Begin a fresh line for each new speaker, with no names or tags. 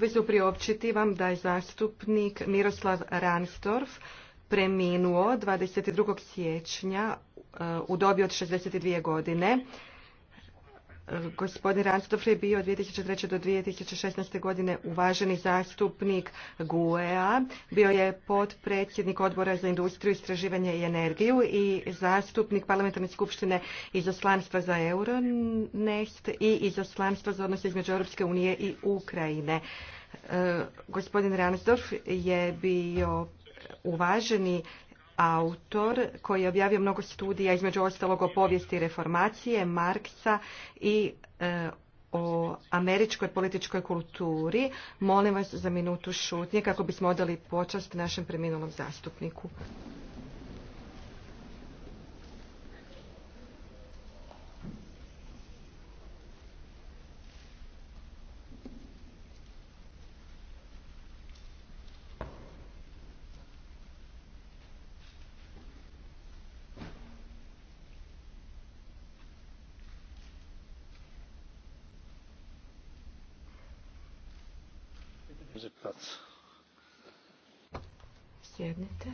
obvezu priopćiti vam da je zastupnik Miroslav Ransdorf preminuo 22. siječnja e, u dobi od 62 godine. Gospodin Ranstov je bio od 2003. do 2016. godine uvaženi zastupnik GUEA. Bio je potpredsjednik odbora za industriju, istraživanje i energiju i zastupnik parlamentarne skupštine oslanstva za Euronest i oslanstva za odnose između Europske unije i Ukrajine. E, gospodin Ransdorf je bio uvaženi autor koji je objavio mnogo studija između ostalog o povijesti reformacije, Marksa i e, o američkoj političkoj kulturi. Molim vas za minutu šutnje kako bismo odali počast našem preminulom zastupniku.
Sjednite.